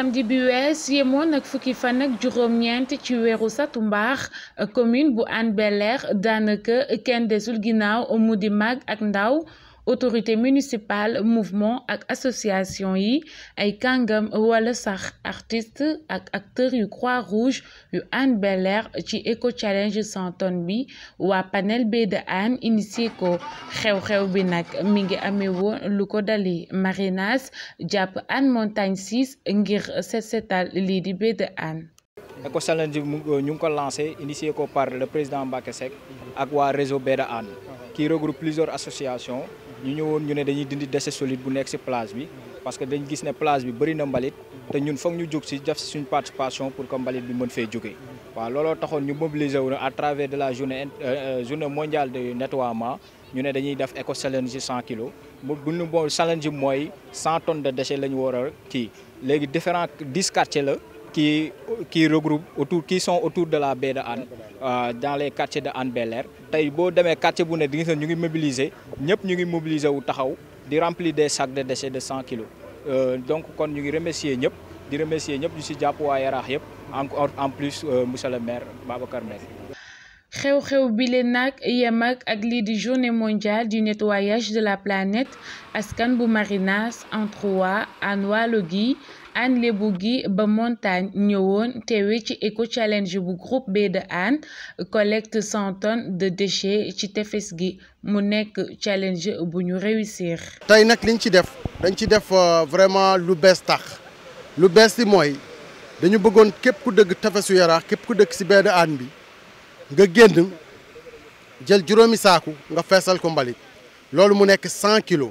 samedi bi wees yemoon ak fukki fan ak juróom-ñeent ci weeru mbaax commune bu Hann Bel-Air daanaka kenn desul ginnaaw mu di mag ak ndaw autorité municipale mouvement ak association yi ay kangam wala sax artiste ak acteur yu croix rouge yu Hann Belair ci eco challenge 100 tonnes bi wa panel B de Hann initié ko xew-xew bi nak mi ngi amee woon lu ko dali marinas jàpp Hann Montagne 6 ngir set li di B de Hann éco challenge ñu ko lancé initié ko par le président Mbacké Seck ak wa réseau B de Hann qui regroupe plusieurs associations nous avons vu que déchets solides pour cette place. Parce que nous avons vu que cette place est beaucoup de nous avons une participation pour que nous puissions puisse jouer. nous avons mobilisé à travers la zone euh, euh, mondiale de nettoyage. Nous avons fait un éco de 100 kg. Nous avons fait un de 100 tonnes de déchets. qui sont différents 10 qui, qui regroupe autour, qui sont autour de la baie de Anne, euh, dans les quartiers de Anne Bel Air. tey boo demee quartier bu ne di ngi mobiliser ñëpp ñu ngi mobiliser wu taxaw di remplir des sacs de déchets de 100 kilos euh, donc kon ñu ngi remercier ñëpp di remercier ñëpp ñu si jàpp waa Yaraax en plus euh, monsieur le maire Babacar Mbengue. xew-xew bi nag nak yamak ak li di journée mondiale du nettoyage de la planète askan bu Marinas en 3 ànd waalo Anne Lebougi ba montagne ñëwoon teewe ci eco challenge bu groupe B de Anne collecte cent tonnes de déchets ci tefes gi mu nekk challenge bu ñu réussir. tay nak liñ ci def dañ ci def euh, vraiment lu bees tax lu bees li mooy dañu bëggoon képp ku dëgg tefesu yaraax képp ku dëkk ci B de Anne bi nga génn jël juroomi saaku nga feesal ko mbalit loolu mu nekk cent kilos.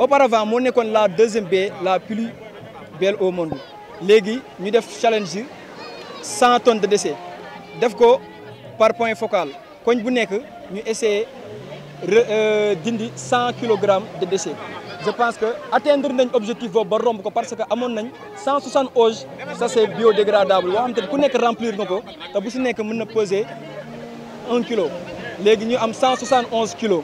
Auparavant, mon école la deuxième baie la plus belle au monde. Maintenant, nous avons challenger 100 tonnes de décès. Nous avons par point focal. Quand nous avons essayé de faire 100 kg de décès. Je pense que atteindre un objectif va rompre parce que amon 160 oj ça c'est biodégradable. On peut remplir noko. poser si 1 kg. Légui ñu 171 kg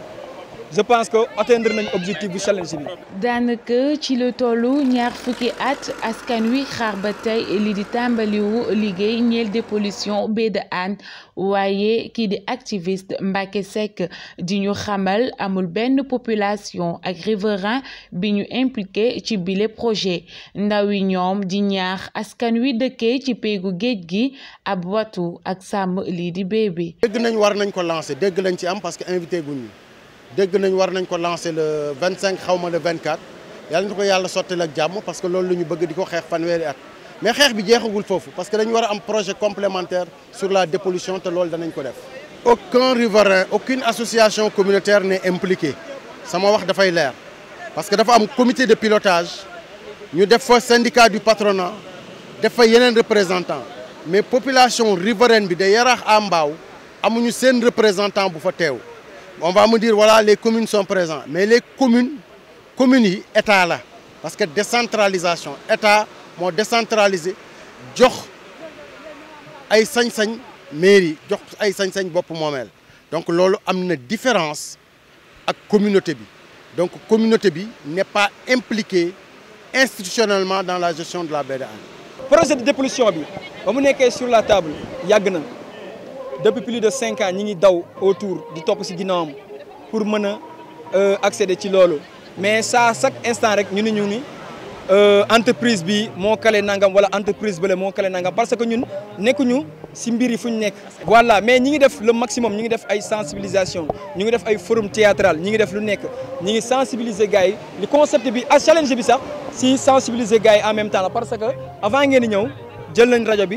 je pense que atteindre nañ objectif du challenge bi. daanaka ci le tollu ñaar fukki at askan wi xaar ba tey li di tàmbaliwu ligue ñeel dépollution baie de Hann waaye kii di activiste des activistes, di ñu xamal amul ben population ak riverain bi ñu impliqué ci bile projet ndaw yi ñoom di ñaax askan wi dëkkee ci péegu géej gi ab watu ak sàmm lii di bee bi. dégg nañ war nañ ko lancer dégg lañ ci am parce que invité guñ dès que nous avons lancé lancer le 25 xaw le 24 Nous avons ko le sottil parce que nous avons ñu bëgg di Mais ce n'est at mais xeex bi parce que dañu avons projet complémentaire sur la dépollution de que nous ko def. aucun riverain aucune association communautaire n'est impliquée sama wax dafay leer parce que avons un comité de pilotage nous avons un syndicat du patronat nous avons un représentant mais population riveraine bi de Yaraax à amuñu représentant pour faire on va me dire voilà les communes sont présentes mais les communes communes l'État état là. parce que décentralisation état mon décentralisé jox ay mairie jox ay pour moi donc la différence la communauté Donc, donc communauté n'est pas impliquée institutionnellement dans la gestion de la baie Le projet de dépollution bi on sur la table depuis plus de cinq ans ñi ngi daw autour di top ci ginnaawam pour mën a euh, accéder ci loolu mais ça chaque instant rek ñu ni ñu ni euh, entreprise bi mo kalé nangam wala entreprise bi mo kalé nangam parce que ñun nekkuñu ci mbir yi fuñu nekk. voilà mais ñi ngi def le maximum ñi ngi def ay sensibilisation ñi ngi def ay forum théâtral ñi ngi def lu nekk ñi ngi sensibiliser gaay le li concept bi a ah, challenge bi sax ci sensibiliser gaay en même temps parce que avant ngeen di ñëw jël nañ rajo bi.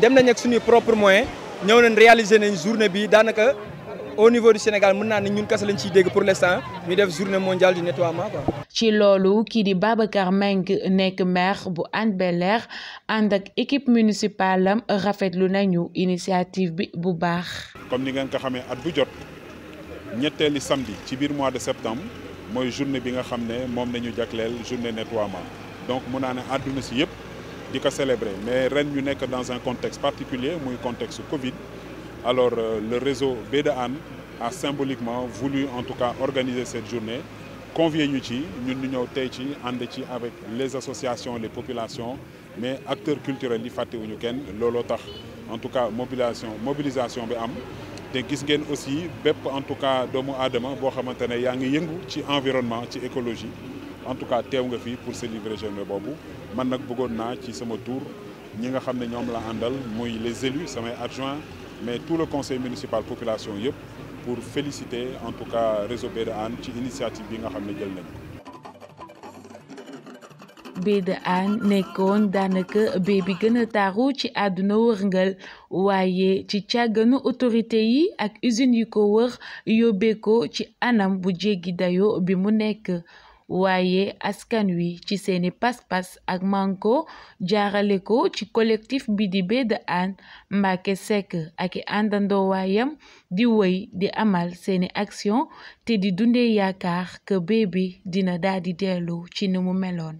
dem nañ ak suñuy propre moyen ñew nañ réaliser nañ journée bi danaka au niveau du Sénégal mën naa ne ñun kese lañ ci dégg pour l'instant mi def journée mondiale du nettoiement quoi. ci lolu ki di Babacar Meng nek maire bu Anne Belair and ak équipe municipale am rafetlu nañu initiative bi bu baax. comme ni nga ko xamé at bu jot ñetteli samedi ci biir mois de septembre moy journée bi nga xamné mom moom nañu jagleel journée nettoiement donc mun naa ne àdduna si yëpp di ko célébrer mais ren ñu nekk dans un contexte particulier un contexte Covid alors euh, le réseau B a symboliquement voulu en tout cas organiser cette journée convier ñu ci ñun ñu ñëw ci ci avec les associations les populations mais acteurs culturels yi fàttewuñu kenn looloo tax en tout cas mobilisation mobilisation bi am te gis aussi bépp en tout cas doomu aadama boo xamante ne yaa yëngu ci environnement ci écologie en tout cas teew nga fii pour se livrer journée bobu man nak bëggoon naa ci sama tour ñi nga xamné ñom la andal moy les élus sama adjoints mais tout le conseil municipal population yep pour féliciter en tout cas réseau Baie de ci initiative bi nga xamné jël nañ Baie de Hann nekkoon daanaka baie bi gën a ci aduna wërngal wayé ci tiaganu autorité yi ak usine yu ko wër yobé ko ci anam bu jéggi dayo bi mu nekk waaye askan wi ci seeni pas-pas ak manko jaarale ko ci collectif bi di Baie de Hann Mbacké Seck ak i àndandoowaayam di woy di amal seeni action te di dunde yaakaar que baie bi dina daldi di dellu ci ni mu meloon